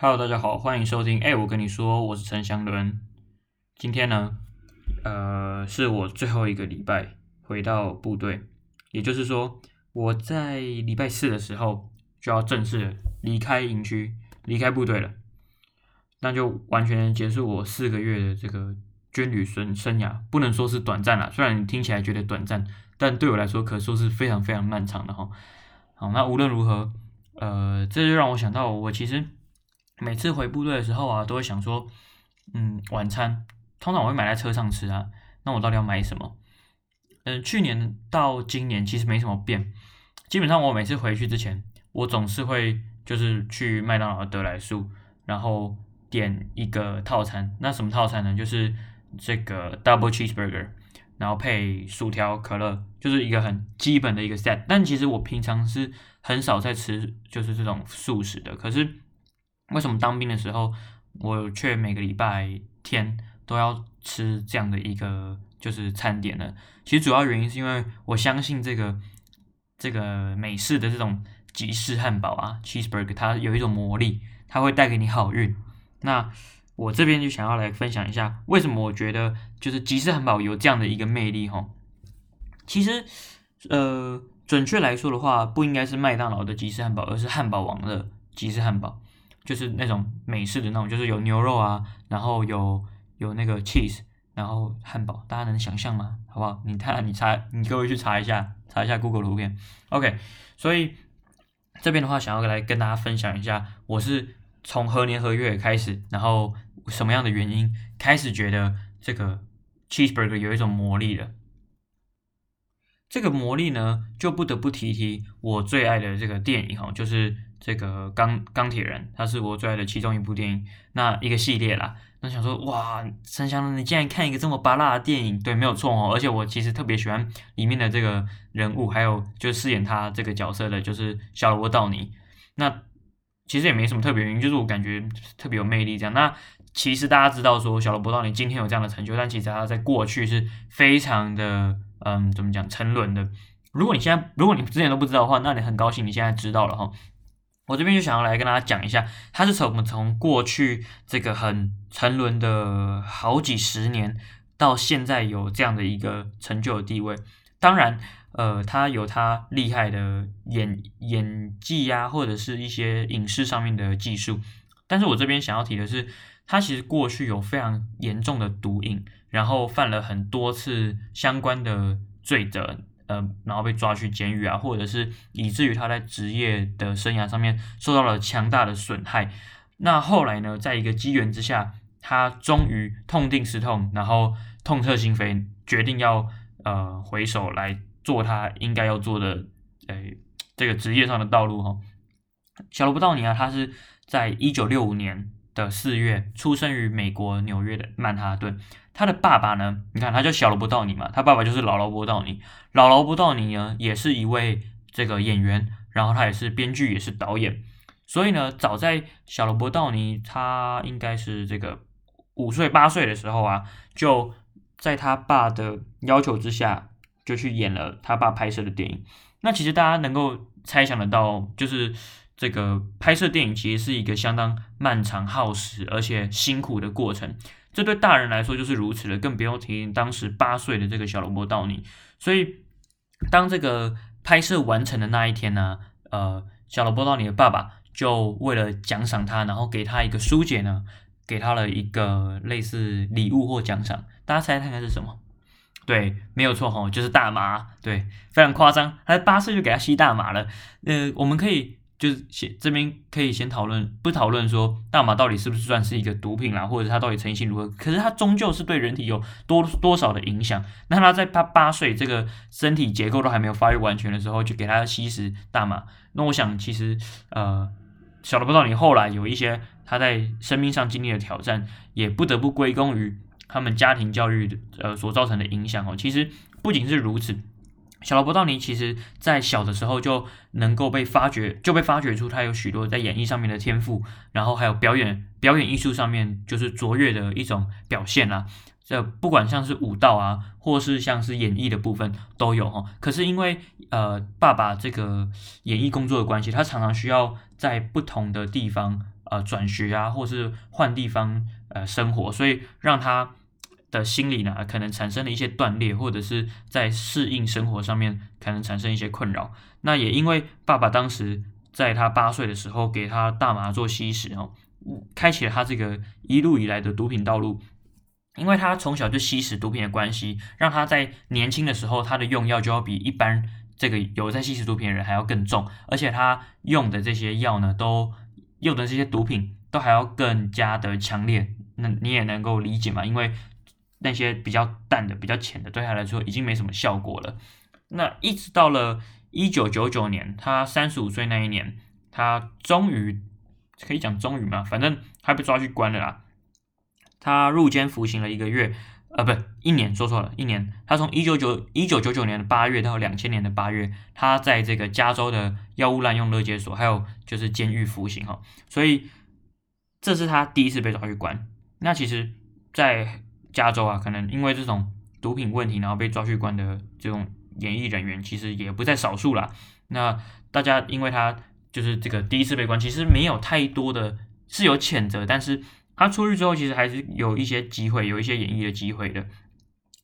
Hello，大家好，歡迎收聽。哎，我跟你說，我是陳祥倫。今天呢，呃，是我最後一個禮拜回到部隊，也就是說，我在禮拜四的時候就要正式離開營區、離開部隊了。那就完全結束我四個月的這個軍旅生生涯，不能說是短暫啦，雖然聽起來覺得短暫，但對我來說可說是非常非常漫長的哈。好，那無論如何，呃，這就讓我想到，我其實。每次回部隊的時候啊，都會想說，嗯，晚餐通常我會買在車上吃啊。那我到底要買什麼？嗯、呃，去年到今年其實沒什麼變。基本上我每次回去之前，我總是會就是去麥當勞、得來速，然後點一個套餐。那什麼套餐呢？就是這個 double cheeseburger，然後配薯條、可樂，就是一個很基本的一個 set。但其實我平常是很少在吃就是這種速食的，可是。為什麼當兵的時候，我卻每個禮拜天都要吃這樣的一個就是餐點呢？其實主要原因是因為我相信這個這個美式的這種吉士漢堡啊，cheeseburger，它有一種魔力，它會帶給你好運。那我這邊就想要來分享一下，為什麼我覺得就是吉士漢堡有這樣的一個魅力？哈，其實，呃，準確來說的話，不應該是麥當勞的吉士漢堡，而是漢堡王的吉士漢堡。就是那種美式的那種，就是有牛肉啊，然後有有那個 cheese，然後漢堡，大家能想象嗎？好不好？你看啊，你查，你各位去查一下，查一下 Google 圖片。OK，所以這邊的話，想要來跟大家分享一下，我是從何年何月開始，然後什麼樣的原因開始覺得這個 cheeseburger 有一種魔力的。這個魔力呢，就不得不提提我最愛的這個電影哈，就是。這個鋼鋼鐵人，他是我最愛的其中一部電影，那一個系列啦。那想說，哇，陳翔，你竟然看一個這麼芭樂的電影，對，沒有錯哦。而且我其實特別喜歡裡面的這個人物，還有就飾演他這個角色的就是小勞勃道尼。那其實也沒什麼特別原因，就是我感覺特別有魅力這樣。那其實大家知道說小勞勃道尼今天有這樣的成就，但其實他在過去是非常的，嗯，怎麼講沉淪的。如果你現在，如果你之前都不知道的話，那你很高興你現在知道了哈、哦。我這邊就想要來跟大家講一下，他是從我們從過去這個很沉淪的好幾十年，到現在有這樣的一個成就的地位。當然，呃，他有他厲害的演演技啊，或者是一些影視上面的技術。但是我這邊想要提的是，他其實過去有非常嚴重的毒癮，然後犯了很多次相關的罪責。呃，然後被抓去監獄啊，或者是以至於他在職業的生涯上面受到了強大的損害。那後來呢，在一個機緣之下，他終於痛定思痛，然後痛徹心扉，決定要呃回首來做他應該要做的，哎、呃，這個職業上的道路哈。小勞勃道尼啊，他是在一九六五年的四月出生於美國紐約的曼哈頓。他的爸爸呢？你看，他叫小勞勃道尼嘛，他爸爸就是老勞勃道尼。老勞勃道尼呢，也是一位這個演員，然後他也是編劇，也是導演。所以呢，早在小勞勃道尼他應該是這個五歲八歲的時候啊，就在他爸的要求之下，就去演了他爸拍攝的電影。那其實大家能夠猜想得到，就是這個拍攝電影其實是一個相當漫長、耗時而且辛苦的過程。這對大人來說就是如此了，更不用提當時八歲的這個小勞勃道尼。所以，當這個拍攝完成的那一天呢，呃，小勞勃道尼的爸爸就為了獎賞他，然後給他一個書簡呢，給他了一個類似禮物或獎賞。大家猜猜看，看是什麼？對，沒有錯哦，就是大麻。對，非常誇張，他八歲就給他吸大麻了。呃，我們可以。就是先這邊可以先討論，不討論說大麻到底是不是算是一個毒品啦，或者它到底成型如何？可是它終究是對人體有多多少的影響？那他在他八歲這個身體結構都還沒有發育完全的時候，就給他吸食大麻，那我想其實呃，小的不到你後來有一些他在生命上經歷的挑戰，也不得不歸功於他們家庭教育的呃所造成的影響哦。其實不僅是如此。小勞勃道尼其實，在小的時候就能夠被發掘，就被發掘出他有許多在演藝上面的天賦，然後還有表演表演藝術上面就是卓越的一種表現啦、啊。這不管像是舞蹈啊，或是像是演藝的部分都有哈、哦。可是因為呃爸爸這個演藝工作的關係，他常常需要在不同的地方呃轉學啊，或是換地方呃生活，所以讓他。的心理呢，可能產生了一些斷裂，或者是在適應生活上面可能產生一些困擾。那也因為爸爸當時在他八歲的時候給他大麻做吸食哦，開啟了他這個一路以來的毒品道路。因為他從小就吸食毒品的關係，讓他在年輕的時候，他的用藥就要比一般這個有在吸食毒品的人還要更重，而且他用的這些藥呢，都用的這些毒品都還要更加的強烈。那你也能夠理解嘛，因為。那些比較淡的、比較淺的，對他來說已經沒什麼效果了。那一直到了一九九九年，他三十五歲那一年，他終於可以講終於嘛，反正他被抓去關了啦。他入監服刑了一個月，啊、呃，不，一年，說錯了，一年。他從一九九一九九九年的八月到兩千年的八月，他在這個加州的藥物濫用勒戒所，還有就是監獄服刑哈。所以這是他第一次被抓去關。那其實，在加州啊，可能因為這種毒品問題，然後被抓去關的這種演藝人員，其實也不在少數啦。那大家因為他就是這個第一次被關，其實沒有太多的是有譴責，但是他出獄之後，其實還是有一些機會，有一些演藝的機會的。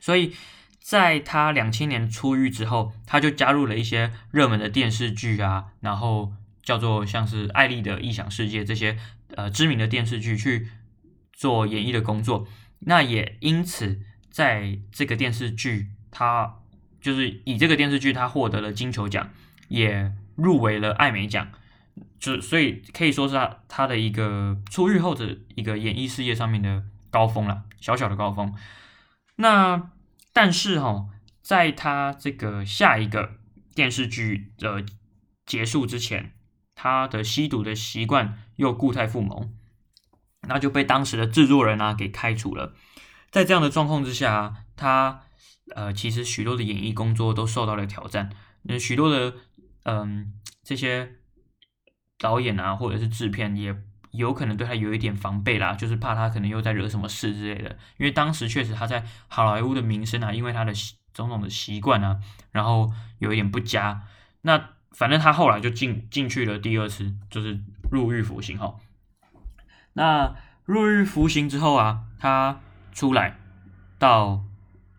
所以在他兩千年出獄之後，他就加入了一些熱門的電視劇啊，然後叫做像是《艾莉的異想世界》這些呃知名的電視劇去做演藝的工作。那也因此，在這個電視劇，他就是以這個電視劇，他獲得了金球獎，也入圍了艾美獎，就所以可以說是他他的一個出獄後的一個演藝事業上面的高峰了，小小的高峰。那但是哈，在他這個下一個電視劇的結束之前，他的吸毒的習慣又故態復萌。那就被當時的制作人啊給開除了，在這樣的狀況之下，他呃其實許多的演藝工作都受到了挑戰，嗯許多的嗯、呃、這些導演啊或者是制片也有可能對他有一點防備啦，就是怕他可能又在惹什麼事之類的，因為當時確實他在好萊塢的名聲啊，因為他的習種種的習慣啊，然後有一點不佳。那反正他後來就進進去了第二次，就是入獄服刑後。那入獄服刑之後啊，他出來，到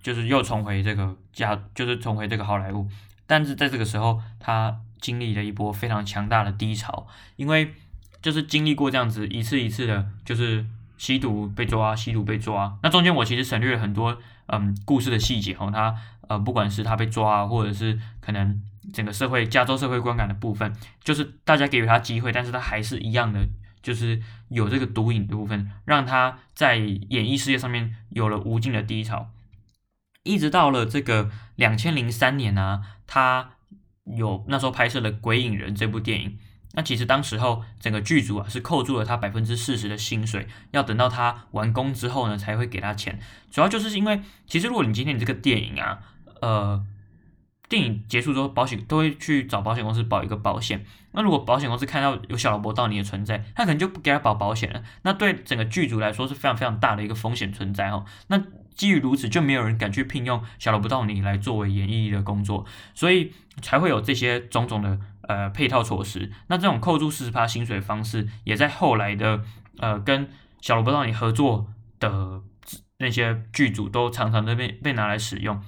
就是又重回這個家，就是重回這個好萊塢。但是在這個時候，他經歷了一波非常強大的低潮，因為就是經歷過這樣子一次一次的，就是吸毒被抓，吸毒被抓。那中間我其實省略了很多，嗯，故事的細節哦。他呃、嗯，不管是他被抓，或者是可能整個社會加州社會觀感的部分，就是大家給予他機會，但是他還是一樣的。就是有這個毒癮的部分，讓他在演藝事業上面有了無盡的低潮，一直到了這個兩千零三年呢，啊，他有那時候拍攝了《鬼影人》這部電影，那其實當時候整個劇組啊，是扣住了他百分之四十的薪水，要等到他完工之後呢才會給他錢，主要就是因為其實如果你今天你這個電影啊，呃。電影結束之後，保險都會去找保險公司保一個保險。那如果保險公司看到有小勞勃道尼的存在，他可能就不給他保保險了。那對整個劇組來說是非常非常大的一個風險存在哦。那基於如此，就沒有人敢去聘用小勞勃道尼來作為演藝的工作，所以才會有這些種種的呃配套措施。那這種扣住四十趴薪水的方式，也在後來的呃跟小勞勃道尼合作的那些劇組都常常都被被拿來使用。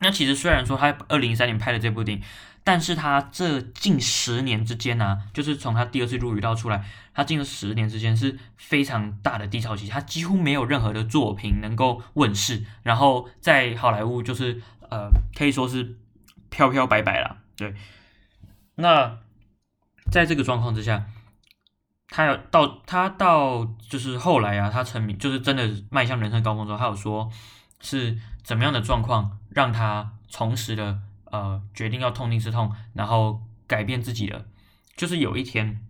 那其實雖然說他二零一三年拍的這部電影，但是他這近十年之間呢、啊，就是從他第二次入獄到出來，他近十年之間是非常大的低潮期，他幾乎沒有任何的作品能夠問世，然後在好萊塢就是呃可以說是飄飄白白了。對，那在這個狀況之下，他有到他到就是後來啊，他成名就是真的邁向人生高峰的時候，他有說。是怎麼樣的狀況，讓他重拾了呃，決定要痛定思痛，然後改變自己的，就是有一天，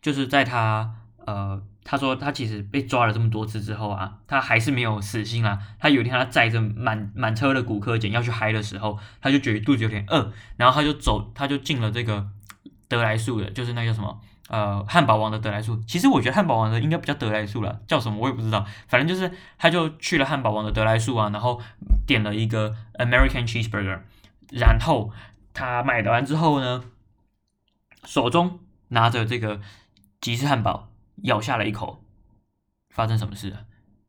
就是在他呃，他說他其實被抓了這麼多次之後啊，他還是沒有死心啦、啊。他有一天他載着滿滿車的古柯鹼，要去嗨的時候，他就覺得肚子有點餓、呃，然後他就走，他就進了這個得來速的，就是那個什麼？呃，漢堡王的得來速，其實我覺得漢堡王的應該不叫得來速了，叫什麼我也不知道，反正就是他就去了漢堡王的得來速啊，然後點了一個 American cheeseburger，然後他買完之後呢，手中拿着這個吉士漢堡，咬下了一口，發生什麼事了？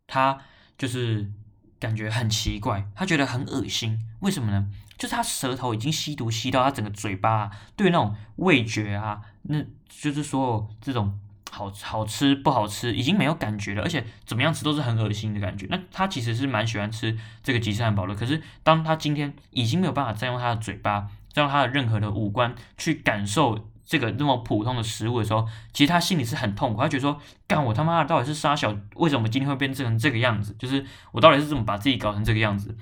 他就是感覺很奇怪，他覺得很噁心，為什麼呢？就是他舌頭已經吸毒吸到他整個嘴巴啊，對那種味覺啊，那。就是說，這種好好吃不好吃已經沒有感覺了，而且怎麼樣吃都是很惡心的感覺。那他其實是蠻喜歡吃這個吉士漢堡的，可是當他今天已經沒有辦法再用他的嘴巴，再用他的任何的五官去感受這個那麼普通的食物的時候，其實他心裡是很痛苦。他覺得說，幹我他媽的，到底是殺小，為什麼今天會變成這個樣子？就是我到底是怎麼把自己搞成這個樣子？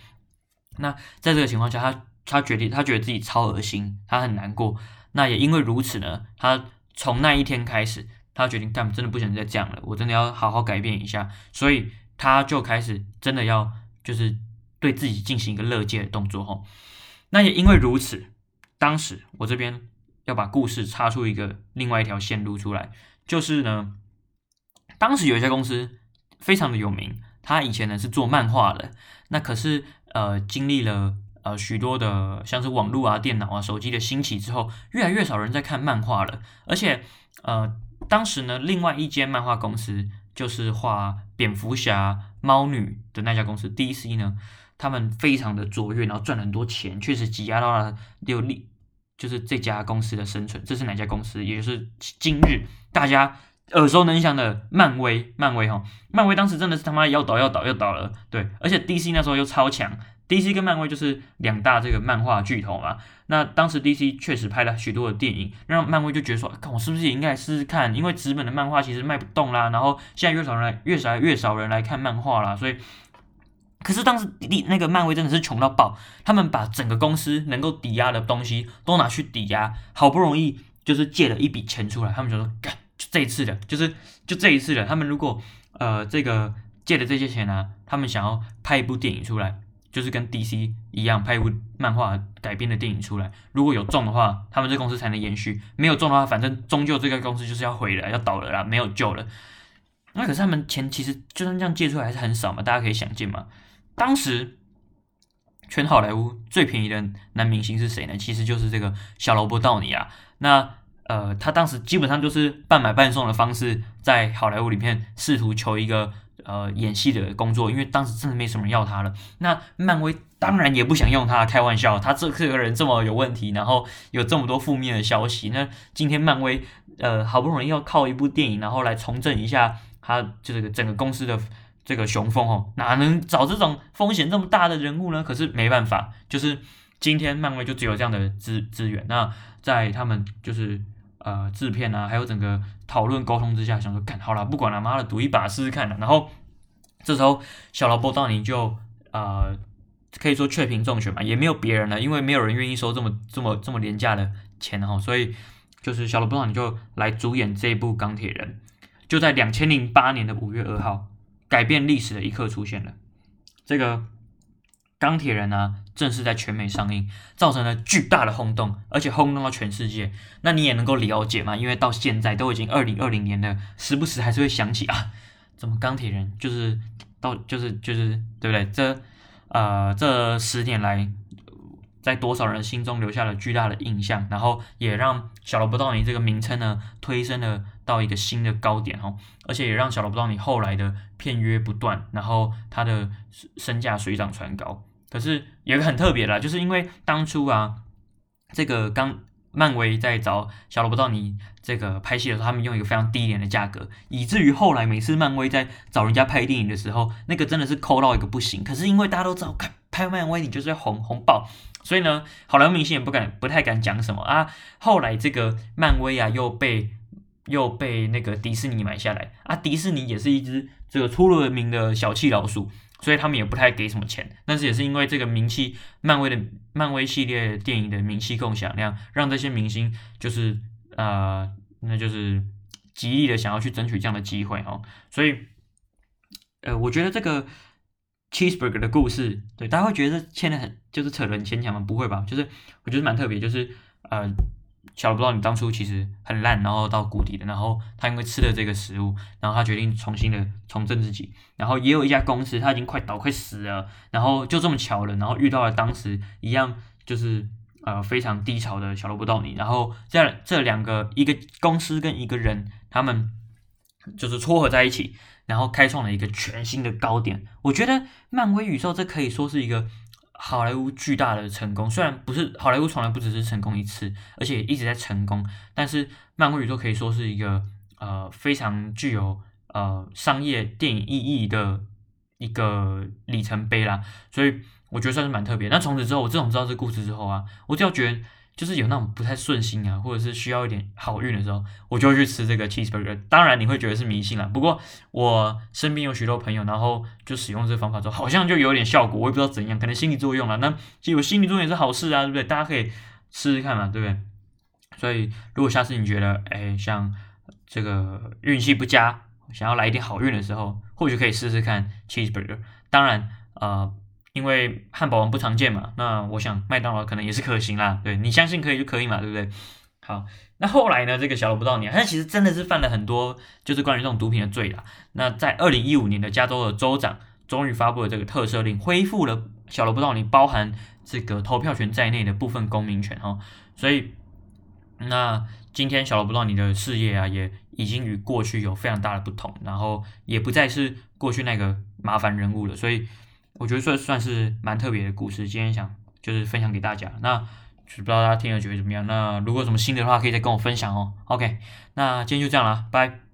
那在這個情況下，他他決定，他覺得自己超惡心，他很難過。那也因為如此呢，他。從那一天開始，他決定他們真的不想再這樣了。我真的要好好改變一下，所以他就開始真的要就是對自己進行一個勒戒的動作哈。那也因為如此，當時我這邊要把故事插出一個另外一條線路出來，就是呢，當時有一家公司非常的有名，他以前呢是做漫畫的，那可是呃經歷了。呃，許多的像是網絡啊、電腦啊、手機的興起之後，越來越少人在看漫畫了。而且，呃，當時呢，另外一間漫畫公司就是畫蝙蝠俠、貓女的那家公司 DC 呢，他們非常的卓越，然後賺了很多錢，確實擠壓到了有利，就是這家公司的生存。這是哪家公司？也就是今日大家耳熟能詳的漫威。漫威哈，漫威當時真的是他媽要倒要倒要倒了。對，而且 DC 那時候又超強。DC 跟漫威就是兩大這個漫畫巨頭嘛。那當時 DC 確實拍了許多的電影，讓漫威就覺得說，看我是不是也應該試試看？因為紙本的漫畫其實賣不動啦，然後現在越少人來越少人來越少人來看漫畫啦，所以，可是當時那個漫威真的是窮到爆，他們把整個公司能夠抵押的東西都拿去抵押，好不容易就是借了一筆錢出來。他們就說，幹，這一次的就是就這一次的、就是，他們如果呃這個借的這些錢呢、啊，他們想要拍一部電影出來。就是跟 DC 一樣拍一部漫畫改編的電影出來，如果有中的話，他們這個公司才能延續；沒有中的話，反正終究這個公司就是要毀了、要倒了啦，沒有救了。那可是他們錢其實就算這樣借出來還是很少嘛，大家可以想見嘛。當時全好萊塢最便宜的男明星是誰呢？其實就是這個小勞勃道尼啊。那呃，他當時基本上就是半買半送的方式，在好萊塢裡面試圖求一個。呃，演戲的工作，因為當時真的沒什麼人要他了。那漫威當然也不想用他，開玩笑，他這這個人這麼有問題，然後有這麼多負面的消息。那今天漫威呃，好不容易要靠一部電影，然後來重振一下他這個、就是、整個公司的這個雄風哦，哪能找這種風險這麼大的人物呢？可是沒辦法，就是今天漫威就只有這樣的資資源。那在他們就是。呃，製片啊，還有整個討論溝通之下，想說看好了，不管他媽的，賭一把試試看的。然後這時候，小勞勃道尼就呃，可以說雀屏中選嘛，也沒有別人了，因為沒有人願意收這麼這麼這麼廉價的錢哈、喔，所以就是小勞勃道尼就來主演這一部《鋼鐵人》。就在兩千零八年的五月二號，改變歷史的一刻出現了，這個。鋼鐵人呢、啊，正式在全美上映，造成了巨大的轟動，而且轟動了全世界。那你也能夠了解嘛？因為到現在都已經二零二零年了，時不時還是會想起啊，怎麼鋼鐵人就是到就是就是對不對？這呃這十年來，在多少人心中留下了巨大的印象，然後也讓小勞勃道尼這個名稱呢推升了到一個新的高點哈、哦，而且也讓小勞勃道尼後來的片約不斷，然後他的身價水漲船高。可是有一個很特別的啦，就是因為當初啊，這個剛漫威在找小勞勃道尼這個拍戲的時候，他們用一個非常低廉的價格，以至於後來每次漫威在找人家拍電影的時候，那個真的是摳到一個不行。可是因為大家都知道，看拍漫威你就是要紅紅爆，所以呢，好萊塢明星也不敢不太敢講什麼啊。後來這個漫威啊又被又被那個迪士尼買下來啊，迪士尼也是一只這個出了名的小氣老鼠。所以他們也不太給什麼錢，但是也是因為這個名氣，漫威的、漫威系列電影的名氣更響亮，讓這些明星就是呃，那就是極力的想要去爭取這樣的機會哦。所以，呃，我覺得這個 Cheeseburger 的故事，對，大家會覺得牽得很，就是扯得很牽強嗎？不會吧，就是我覺得蠻特別，就是呃。小勞勃道尼當初其實很爛，然後到谷底的，然後他因為吃了這個食物，然後他決定重新的重振自己，然後也有一家公司，他已經快倒快死了，然後就這麼巧了，然後遇到了當時一樣就是呃非常低潮的小勞勃道尼，然後這這兩個一個公司跟一個人，他們就是撮合在一起，然後開創了一個全新的高點，我覺得漫威宇宙這可以說是一個。好萊塢巨大的成功，雖然不是好萊塢從來不只是成功一次，而且一直在成功，但是漫威宇宙可以說是一個呃非常具有呃商業電影意義的一個里程碑啦，所以我覺得算是蠻特別。那從此之後，我自從知道這故事之後啊，我就覺得。就是有那種不太順心啊，或者是需要一點好運的時候，我就會去吃這個 cheeseburger。當然，你會覺得是迷信了。不過我身邊有許多朋友，然後就使用這個方法之後，好像就有點效果。我也不知道怎樣，可能心理作用了。那其實我心理作用也是好事啊，對不對？大家可以試試看嘛，對不對？所以如果下次你覺得，誒，像這個運氣不佳，想要來一點好運的時候，或許可以試試看 cheeseburger。當然，呃。因為漢堡王不常見嘛，那我想麥當勞可能也是可行啦。對，你相信可以就可以嘛，對不對？好，那後來呢？這個小勞勃道尼啊，他其實真的是犯了很多，就是關於這種毒品的罪啦。那在二零一五年的加州的州長終於發布了這個特赦令，恢復了小勞勃道尼包含這個投票權在內的部分公民權哈、哦。所以，那今天小勞勃道尼的事業啊，也已經與過去有非常大的不同，然後也不再是過去那個麻煩人物了。所以。我覺得算算是蠻特別的故事，今天想就是分享給大家，那就不知道大家聽了覺得怎麼樣？那如果有什麼心得的話，可以再跟我分享哦。OK，那今天就這樣啦，拜。